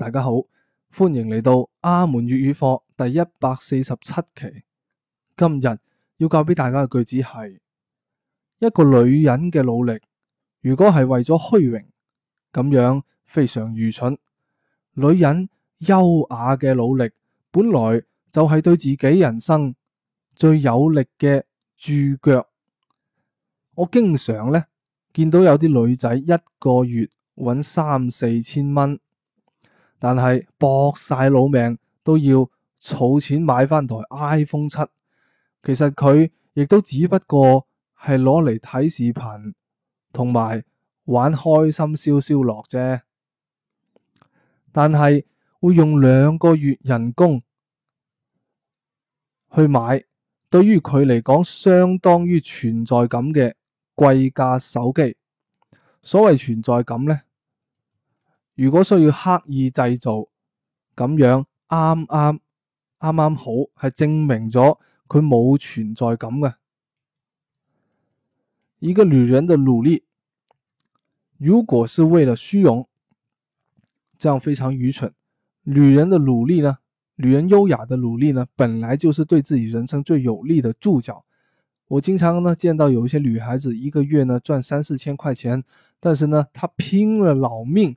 大家好，歡迎嚟到阿門粵語課第一百四十七期。今日要教俾大家嘅句子係：一個女人嘅努力，如果係為咗虛榮，咁樣非常愚蠢。女人優雅嘅努力，本來就係對自己人生最有力嘅注腳。我經常呢，見到有啲女仔一個月揾三四千蚊。但係搏晒老命都要儲錢買翻台 iPhone 7，其實佢亦都只不過係攞嚟睇視頻同埋玩開心消消樂啫。但係會用兩個月人工去買，對於佢嚟講，相當於存在感嘅貴價手機。所謂存在感呢。如果需要刻意製造咁樣啱啱啱啱好，係證明咗佢冇存在感嘅。一個女人的努力，如果是為了虛榮，這樣非常愚蠢。女人的努力呢，女人優雅的努力呢，本來就是對自己人生最有力的注腳。我經常呢見到有一些女孩子一個月呢賺三四千塊錢，但是呢，她拼了老命。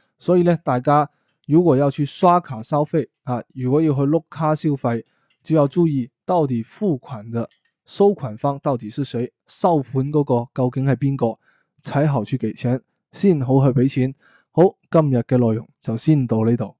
所以呢，大家如果要去刷卡消費啊，如果要去碌卡消費，就要注意到底付款的收款方到底是誰，收款嗰個究竟係邊個，睇好去幾錢，先好去畀錢。好，今日嘅內容就先到呢度。